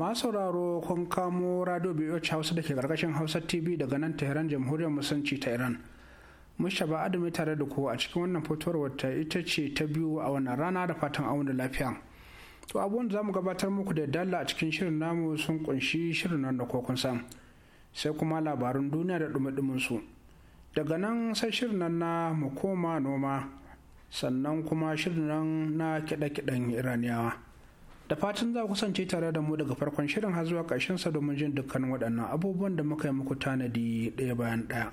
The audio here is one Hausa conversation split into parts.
masu sauraro kun kamo radio BOH Hausa da ke karkashin Hausa TV daga nan Tehran Jamhuriyar Musanci ta Iran. Mushaba Adamu tare da ku a cikin wannan fitowar wata ita ce ta biyu a wannan rana da fatan auna lafiya. To abubuwan da zamu gabatar muku da dala a cikin shirin namu sun kunshi shirin nan da kokun sam. Sai kuma labarun duniya da dumi su. Daga nan sai shirin nan na mu koma noma sannan kuma shirin nan na kiɗe-kiɗen Iraniyawa. da fatan za ku kusance tare da mu daga farkon shirin har zuwa ƙarshen sa domin jin dukkan waɗannan abubuwan da muka yi muku tanadi ɗaya bayan ɗaya.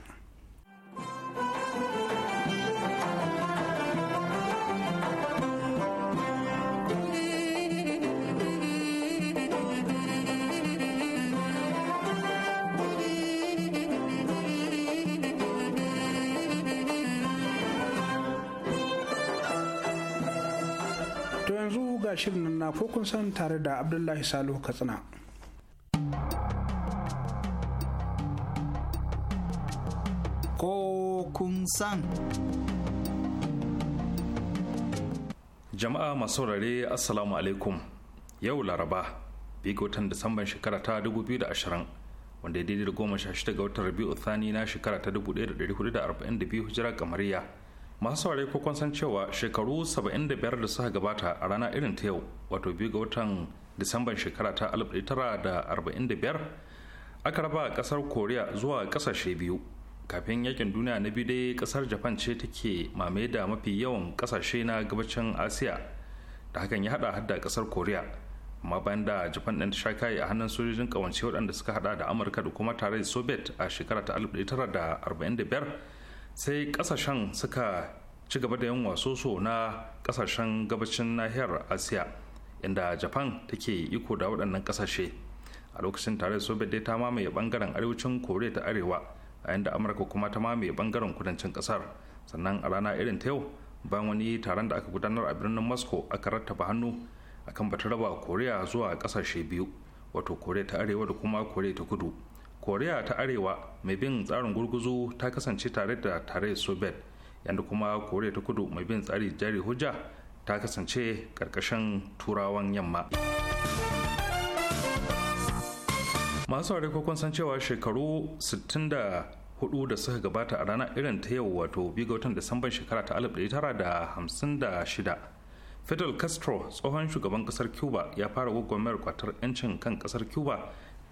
ga shirin nan na kun san tare da Abdullahi Salihu Katsina. kun san. Jama'a masu saurare Assalamu alaikum. Yau Laraba, biyu watan Disamban shekara ta 2020. wanda ya daidai da goma sha shida ga watan rabi'u thani na shekara ta 1442 hijira kamariya masu saurare ko kun san cewa shekaru 75 da suka gabata a rana irin ta yau wato biyu ga watan disamban shekara ta 1945 aka raba kasar koriya zuwa kasashe biyu kafin yakin duniya na biyu dai kasar japan ce take mame da mafi yawan kasashe na gabacin asiya da hakan ya hada da kasar koriya amma bayan da japan ɗin ta sha kayi a hannun sojojin kawance waɗanda suka hada da amurka da kuma tare soviet a shekara ta 1945 sai kasashen suka ci gaba da yin so na kasashen gabashin nahiyar asiya inda japan take iko da waɗannan kasashe a lokacin tare da dai ta mamaye bangaren arewacin koriya ta arewa a yadda amurka kuma ta mamaye bangaren kudancin kasar sannan a rana irin ta yau bayan wani taron da aka gudanar a birnin moscow aka rattaba hannu akan bata raba koriya zuwa kasashe biyu wato koriya ta arewa da kuma koriya ta kudu koriya ta arewa mai bin tsarin gurguzu ta kasance tare da tare soviet yadda kuma koriya ta kudu mai bin tsari jari hujja ta kasance karkashin turawan yamma masu kun san cewa shekaru 64 da suka gabata a rana irin ta yau wato biyu ga watan disamban shekara ta 1956 fidel castro tsohon shugaban kasar cuba ya fara gwagwamar kwatar 'yancin kan kasar cuba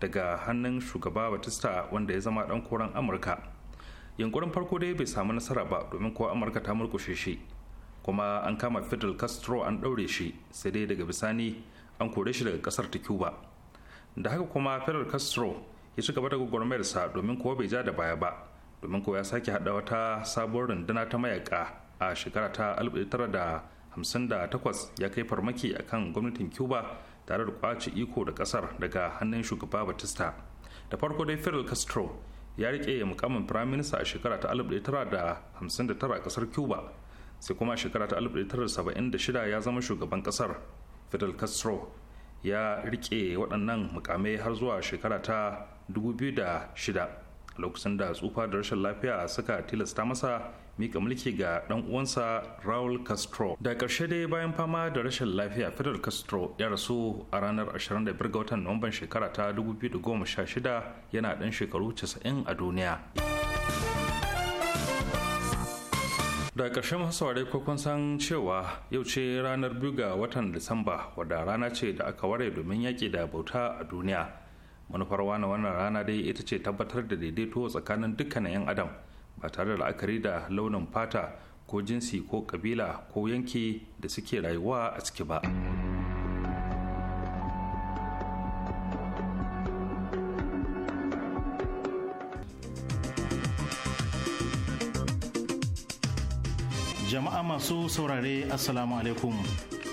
daga hannun shugaba batista wanda ya zama dan koren amurka yankurin farko dai bai samu nasara ba domin kuwa amurka ta murkushe shi kuma an kama fidel castro an ɗaure shi sai dai daga bisani an kore shi daga kasar ta cuba da haka kuma fidel castro ya ci gaba da gwagwarmayarsa domin kowa bai ja da baya ba domin kuwa ya sake hada wata sabuwar runduna ta mayaka a shekara ta 1958 ya kai farmaki akan gwamnatin cuba tare da kwace iko da kasar daga hannun shugaba batista da farko dai fidel castro ya rike mukamin prime minister a shekara ta 1959 a kasar cuba sai kuma a shekara ta 1976 ya zama shugaban kasar fidel castro ya rike waɗannan mukamai har zuwa shekara ta 2006 lokacin da tsufa da rashin lafiya suka tilasta masa mika mulki ga dan uwansa Raul Castro. Da ƙarshe dai bayan fama da rashin lafiya Fidel Castro ya rasu a ranar 25 ga watan Nuwamban shekara ta 2016 yana dan shekaru 90 a duniya. da ƙarshen masu ko kun san cewa yau ce ranar biyu ga watan Disamba wadda rana ce da aka ware domin yaƙi da bauta a duniya. Manufar wani wannan rana dai ita ce tabbatar da daidaito tsakanin dukkanin 'yan adam. ba tare da la'akari da launin fata ko jinsi ko kabila ko yanki da suke rayuwa a ciki ba. jama'a masu saurare assalamu alaikum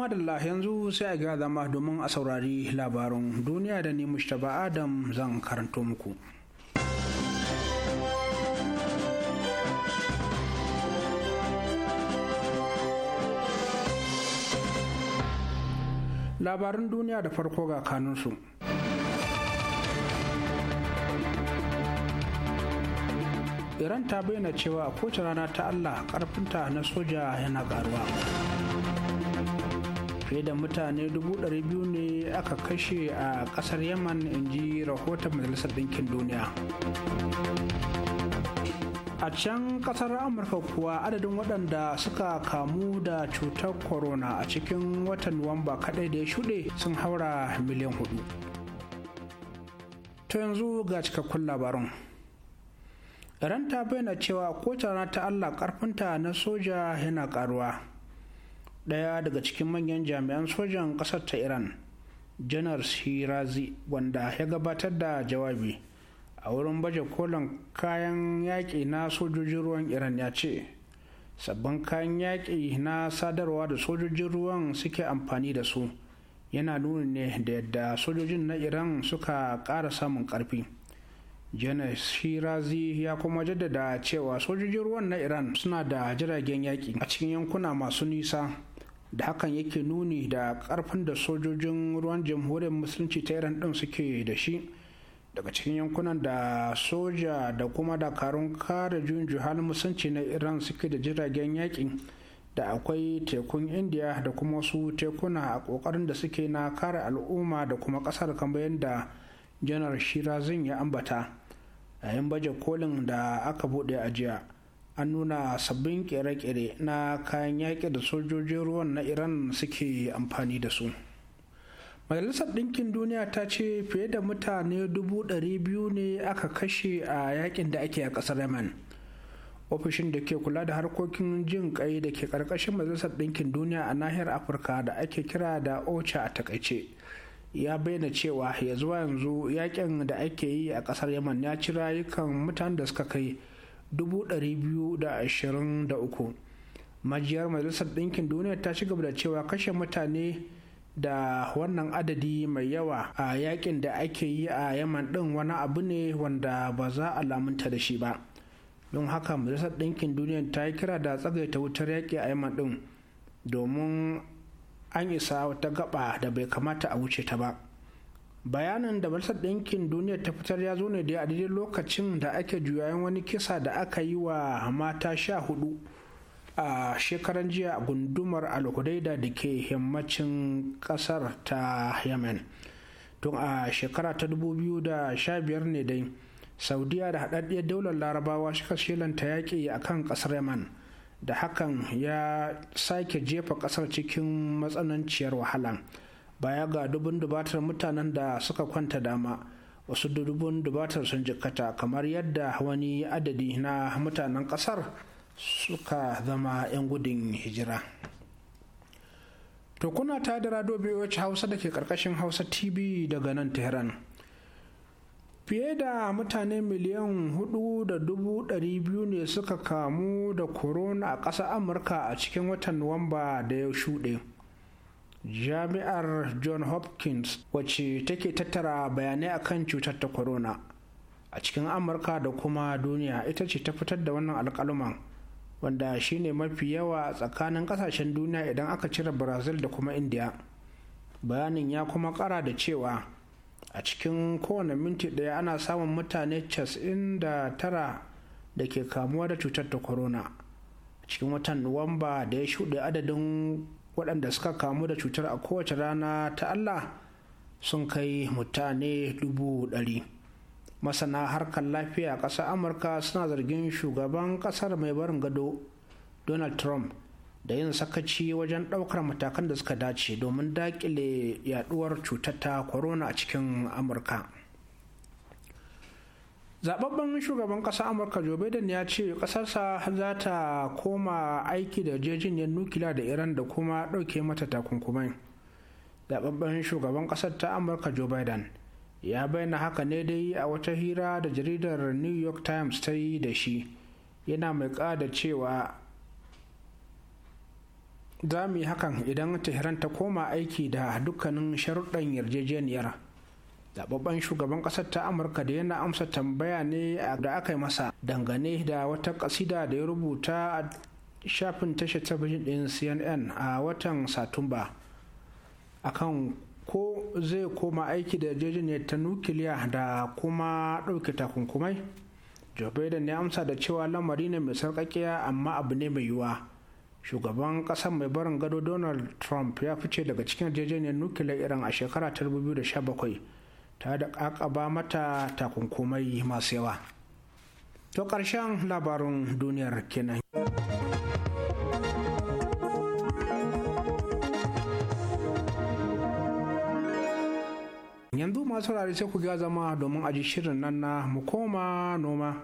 madalla yanzu sai a ga zama domin a saurari labarin duniya da ni mushtaba adam zan karanto muku labarin duniya da farko ga kanunsu iran ta bayyana cewa a kowace rana ta allah karfinta na soja yana karuwa fiye da mutane biyu ne aka kashe a kasar yaman in ji rahoton majalisar ɗinkin duniya a can kasar amurka kuwa adadin waɗanda suka kamu da cutar corona a cikin watan nuwamba kaɗai da ya shuɗe sun haura miliyan hudu to yanzu ga cikakkun labarun. Ranta ta bayyana cewa kotana rana ta Allah karfinta na soja yana karuwa ɗaya daga cikin manyan jami'an sojan ƙasar ta iran janar shirazi wanda ya gabatar da jawabi a wurin baje kolin kayan yaƙi na sojojin ruwan iran ya ce sabbin kayan yaƙi na sadarwa da sojojin ruwan suke amfani da su yana nuni ne da yadda sojojin na iran suka ƙara samun ƙarfi janar shirazi ya kuma jaddada cewa sojojin ruwan na iran suna da jiragen yaƙi a cikin yankuna masu nisa da hakan yake nuni da karfin da sojojin ruwan jamhuriyar musulunci ta iran din suke da shi daga cikin yankunan da soja da kuma dakarun kare juyin juhal musulunci na iran suke da jiragen yaƙi da akwai tekun indiya da kuma wasu tekuna a ƙoƙarin da suke na kare al'umma da kuma ƙasar kamar yadda janar shirazin ya ambata yayin baje kolin da aka buɗe a jiya an nuna sabbin kere-kere na kayan yaƙi da sojojin ruwan na iran suke amfani da su majalisar ɗinkin duniya ta ce fiye da mutane dubu biyu ne aka kashe a yakin da ake a ƙasar yaman ofishin da ke kula da harkokin jin kai da ke ƙarƙashin majalisar ɗinkin duniya a nahiyar afirka da ake kira da ocha a takaice ya bayyana cewa ya zuwa yanzu yakin da ake yi a ƙasar yaman ya ci rayukan mutanen da suka kai uku majiyar majalisar ɗinkin duniya ta ci gaba da cewa kashe mutane da wannan adadi mai yawa a yakin da ake yi a yaman ɗin wani abu ne wanda ba za a lamunta da shi ba don haka majalisar ɗinkin duniya ta yi kira da tsagaita wutar yaƙi a yaman ɗin domin an isa wata gaba da bai kamata a wuce ta ba. bayanin da majalisar ɗinkin duniya ta fitar ya zo ne da a daidai lokacin da ake juyayen wani kisa da aka yi wa mata sha hudu a shekaran jiya a gundumar alkudaida da ke himmacin kasar ta yemen tun a shekara ta da sha biyar ne dai saudiya da haɗaɗɗiyar daular larabawa suka shelanta yaƙi a kan ƙasar yemen da hakan ya sake jefa ƙasar cikin matsananciyar wahala. baya ga dubun dubatar mutanen da suka kwanta dama wasu dubun dubatar sun jikkata kamar yadda wani adadi na mutanen kasar suka zama 'yan gudun hijira to kuna ta da rado wacce hausa da ke karkashin hausa tv daga nan tehran fiye da mutane miliyan hudu da dubu dari biyu ne suka kamu da corona a ƙasar amurka a cikin watan nuwamba da ya shuɗe jami'ar john hopkins wacce take tattara bayanai akan cutar ta corona a cikin amurka da kuma duniya ita ce ta fitar da wannan alkaluman wanda shine mafi yawa tsakanin kasashen duniya idan aka cire brazil da kuma india bayanin ya kuma kara da cewa a cikin kowane minti daya ana samun mutane 99 da ke kamuwa da cutar ta corona cikin watan nuwamba da ya shuɗe adadin waɗanda suka kamu da cutar a kowace rana ta allah sun kai mutane dubu ɗari masana harkar lafiya a ƙasar amurka suna zargin shugaban ƙasar mai barin gado donald trump da yin sakaci wajen ɗaukar matakan da suka dace domin daƙile yaɗuwar cutar ta corona a cikin amurka. zababben shugaban ƙasar amurka joe biden ya ce kasarsa za ta koma aiki da jejiniyar nukila da iran da kuma ɗauke mata takunkumai zababben shugaban kasar ta amurka joe biden ya bayyana haka ne dai a wata hira da jaridar new york times ta yi da shi yana mai ƙada cewa za mu yi hakan idan tehran ta koma aiki da dukkanin sharuɗan yarjejeniyar zababben shugaban kasar ta amurka da yana amsa tambaya ne da aka yi masa dangane da wata kasida da ya rubuta a shafin tashar talabijin din cnn a watan satumba akan ko zai koma aiki da yarjejeniyar ta nukiliya da kuma ɗauke takunkumai joe biden ya amsa da cewa lamari ne mai sarƙaƙiya amma abu ne mai yiwuwa shugaban ƙasar mai barin gado donald trump ya fice daga cikin yarjejeniyar nukiliya irin a shekara ta 2017 ta da ƙaƙaba mata takunkumai masu yawa to ƙarshen labarin duniyar kenan yanzu masu rari sai ku ga zama domin aji shirin nan na mu koma noma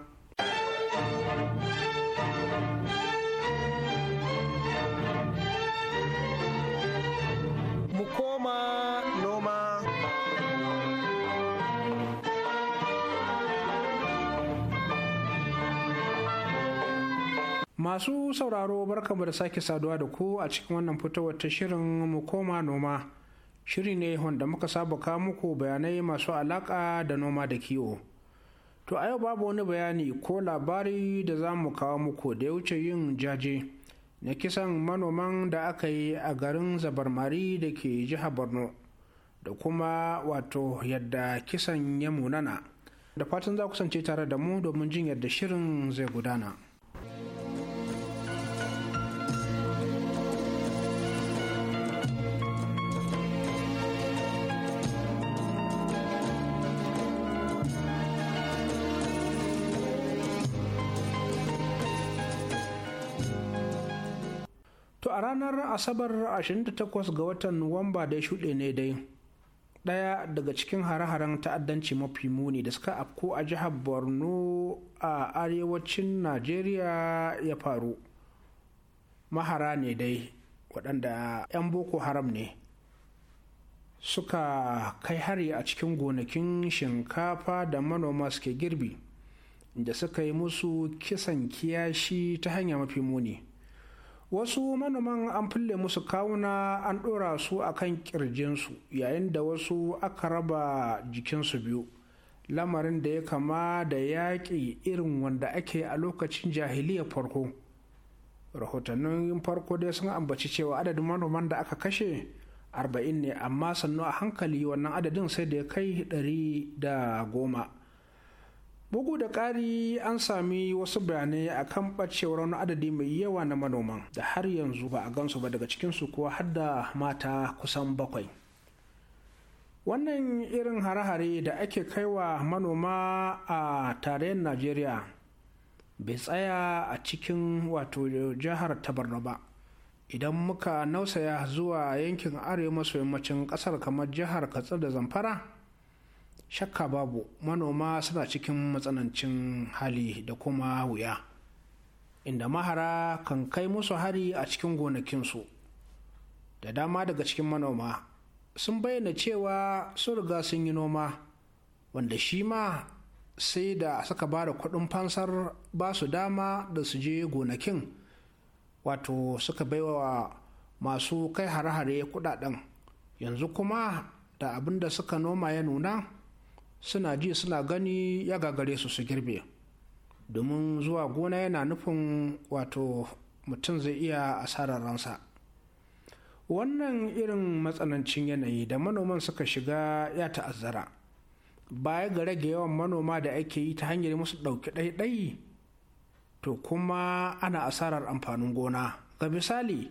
masu sauraro barkamu da sake saduwa da ku a cikin wannan fitowar ta shirin mu koma noma shiri ne wanda muka saba ka muku bayanai masu alaka da noma da kiwo to a yau babu wani bayani ko labari da za mu kawo muku da ya wuce yin jaje na kisan manoman da aka yi a garin zabarmari da ke jihar borno da kuma wato yadda kisan ya munana da fatan za kusance tare da mu domin jin yadda shirin zai gudana. a ranar asabar 28 ga watan nuwamba da ya shuɗe ne dai ɗaya daga cikin hare-haren ta'addanci mafi muni da suka afko a jihar borno a arewacin najeriya ya faru mahara ne dai waɗanda 'yan boko haram ne suka kai hari a cikin gonakin shinkafa da manoma suke girbi da suka yi musu kisan kiyashi ta hanya mafi muni wasu manoman an fulle musu kawuna an dora su akan kan ƙirjinsu yayin da wasu aka raba jikinsu biyu lamarin da ya kama da yaƙi irin wanda ake a lokacin jahiliya farko rahotannin farko dai sun ambaci cewa adadin manoman da aka kashe 40 ne amma sannu a hankali wannan adadin sai da ya kai 110 bugu da ƙari an sami wasu bayanai akan ɓacewar wani adadi mai yawa na manoman da har yanzu ba a gansu ba daga cikinsu kuwa har da mata kusan bakwai wannan irin hare-hare da ake kaiwa manoma a tarayyar najeriya bai tsaya a cikin wato jihar tabarna ba idan muka nausaya zuwa yankin arewa maso yammacin kasar kamar jihar katsina da zamfara shakka babu manoma suna cikin matsanancin hali da kuma wuya inda mahara kan kai musu hari a cikin gonakinsu da dama daga cikin manoma sun bayyana cewa sun riga sun yi noma wanda shi ma sai da suka ba da kuɗin fansar ba su dama da su je gonakin wato suka baiwa masu kai hare-hare kudaden yanzu kuma da abin da suka noma ya nuna suna ji suna gani ya gagare su su girbe domin zuwa gona yana nufin wato mutum zai iya asarar ransa wannan irin matsanancin yanayi da manoman suka shiga ya ta'azzara baya ga rage yawan manoma da ake yi ta hanyar musu ɗauki ɗaiɗai to kuma ana asarar amfanin gona ga misali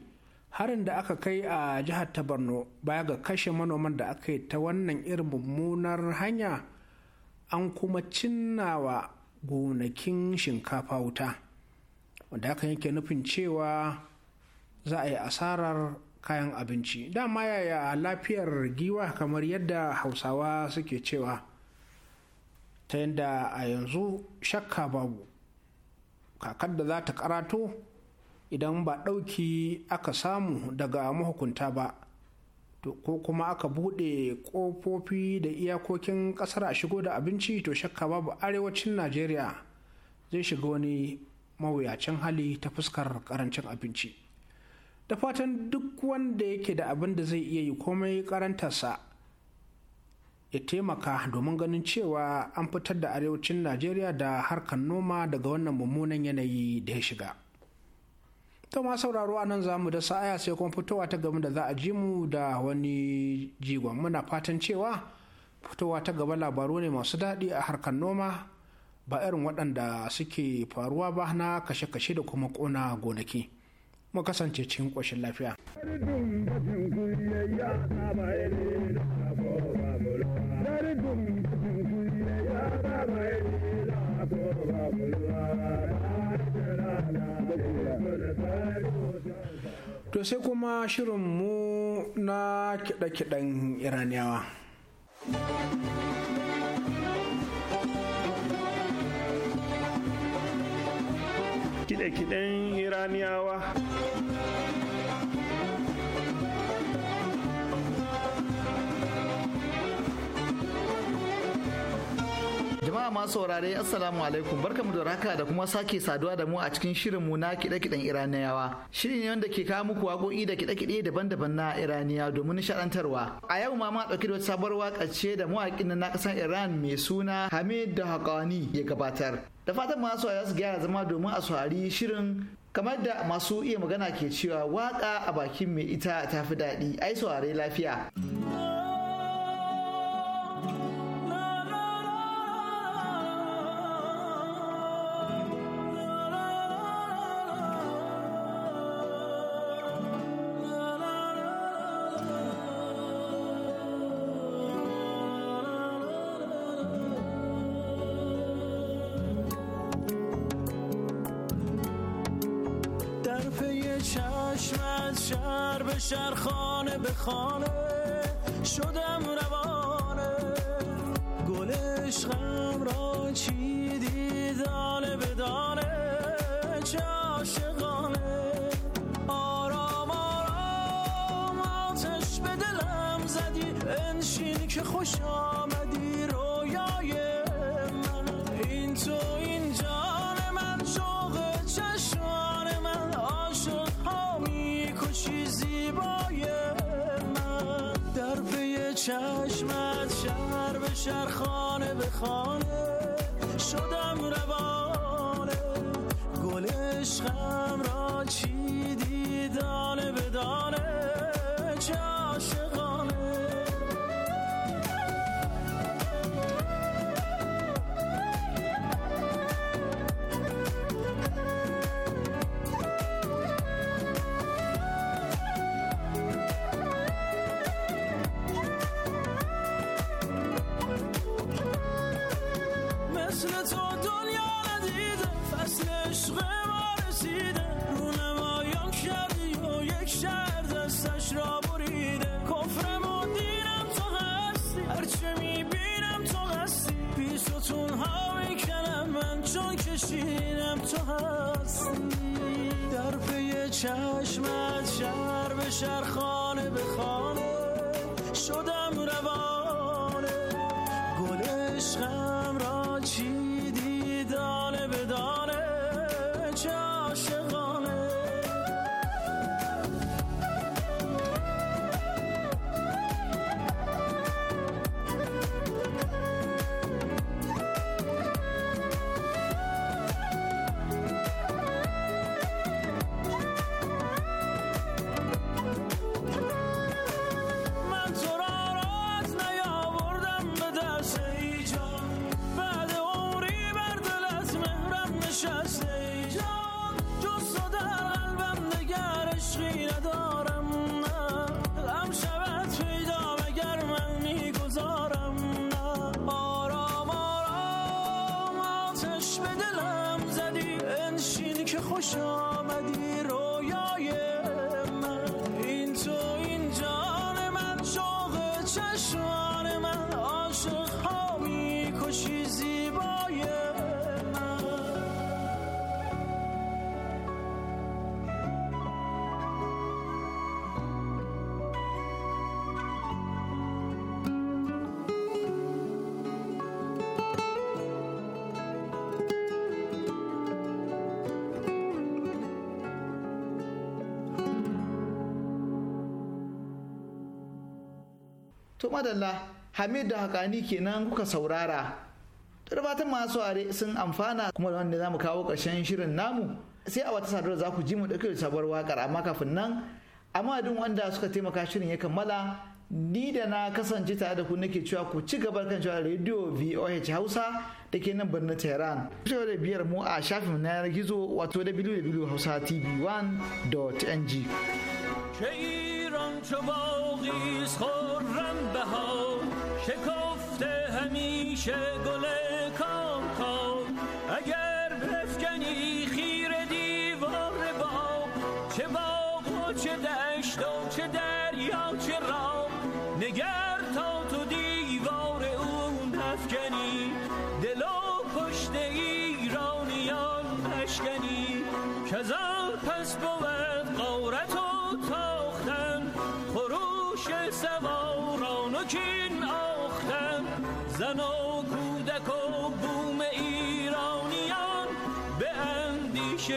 harin da aka kai a jihar ta borno baya ga kashe manoman da aka yi ta wannan irin mummunar hanya an kuma cinnawa gonakin shinkafa wuta wanda hakan yake nufin cewa za a yi asarar kayan abinci dama yaya lafiyar giwa kamar yadda hausawa suke cewa ta yadda a yanzu shakka babu kakar da za ta karato idan ba ɗauki aka samu daga mahukunta ba ko kuma aka buɗe ƙofofi da iyakokin ƙasar a shigo da abinci to shakka babu arewacin najeriya zai shiga wani mawuyacin hali ta fuskar ƙarancin abinci da fatan duk wanda yake da abin da zai iya yi komai karantarsa ya taimaka domin ganin cewa an fitar da arewacin najeriya da harkar noma daga wannan mummunan yanayi da ya shiga to ma sauraro a nan mu da sa'aya sai kuma fitowa ta gaba da za a ji mu da wani jigon muna fatan cewa fitowa ta gaba labaru ne masu daɗi a harkar noma ba irin waɗanda suke faruwa ba na kashe-kashe da kuma ƙona gonaki mu kasance cikin ƙoshin lafiya Dari dum dum kuyi ya ba mai to sai kuma shirin mu na kiɗe-kiɗen iraniyawa kiɗe-kiɗen iraniyawa ma masu saurare assalamu alaikum barkamu da raka da kuma sake saduwa da mu a cikin shirinmu na kiɗe-kiɗen iraniyawa shiri ne wanda ke kawo muku waƙoƙi da kiɗe-kiɗe daban-daban na iraniya domin nishaɗantarwa a yau ma ma ɗauki da sabuwar waƙa ce da mawaƙin na ƙasar iran mai suna hamid da haƙani ya gabatar da fatan masu su gyara zama domin a saurari shirin kamar da masu iya magana ke cewa waƙa a bakin mai ita ta fi daɗi ai saurare lafiya. شهر به شهر خانه به خانه شدم روانه گل عشقم را چی دانه به دانه چه عاشقانه آرام آرام آتش به دلم زدی انشین که خوشا چشمت شهر به شهر خانه به خانه شدم روانه گل عشقم را چی دانه به دانه چه از شر به شهر خانه به خانه شدم روانه گل عشقم را چی آتش به دلم زدی انشین که خوش آمدی رویای من این تو این جان من شوق چشمان من عاشق ها میکشی زیبای to madalla hamid da hakani kenan kuka saurara da masu are sun amfana kuma da wanda zamu kawo ƙarshen shirin namu sai a wata sadarwa za ku ji mu ɗauke da sabuwar waƙar amma kafin nan amma duk wanda suka taimaka shirin ya kammala ni da na kasance tare da ku nake cewa ku ci gaba kan cewa radio VOH Hausa da ke nan birnin Tehran. Ku da biyar mu a shafin na yanar gizo wato Hausa www.hausatv1.ng. شکفته همیشه گل کام کام اگر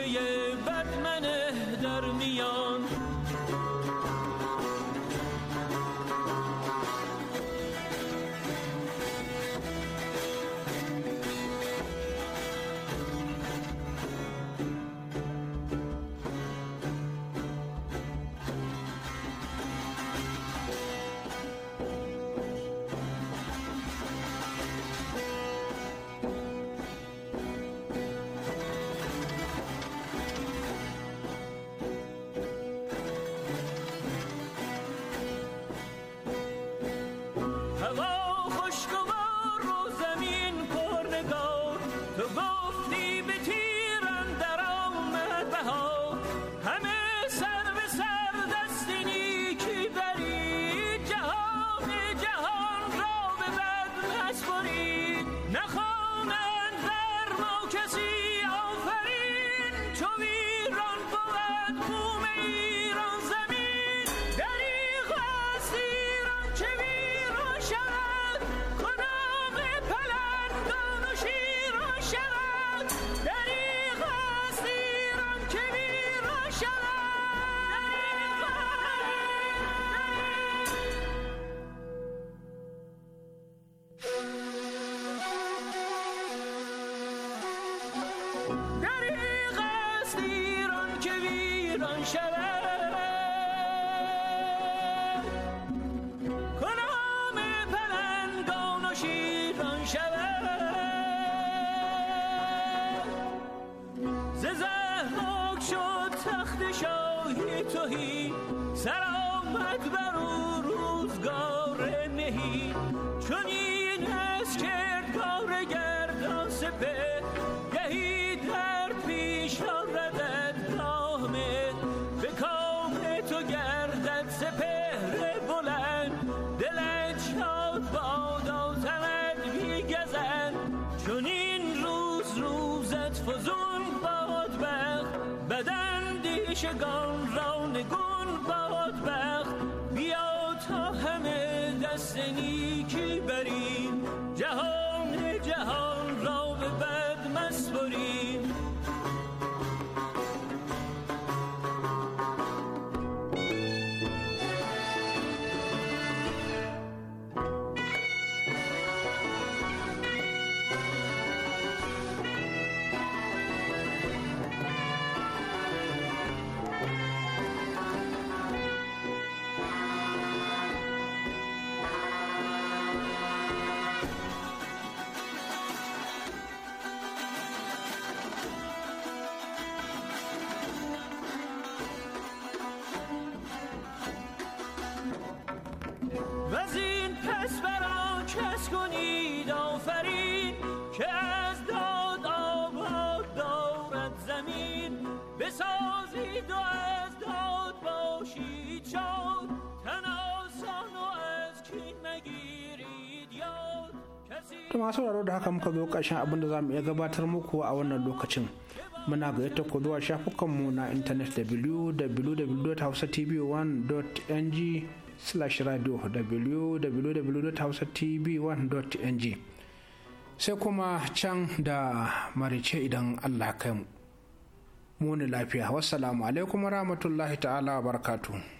yeah, yeah. Oh. ta masu sauraro da haka muka zo ƙarshen abinda za mu iya gabatar muku a wannan lokacin muna gayyata ku zuwa shafukanmu na intanet www.hausatv1.ng slash radio www.hausatv1.ng sai kuma can da marice idan allah kai mu muni lafiya wassalamu alaikum rahmatullahi ta'ala barakatu.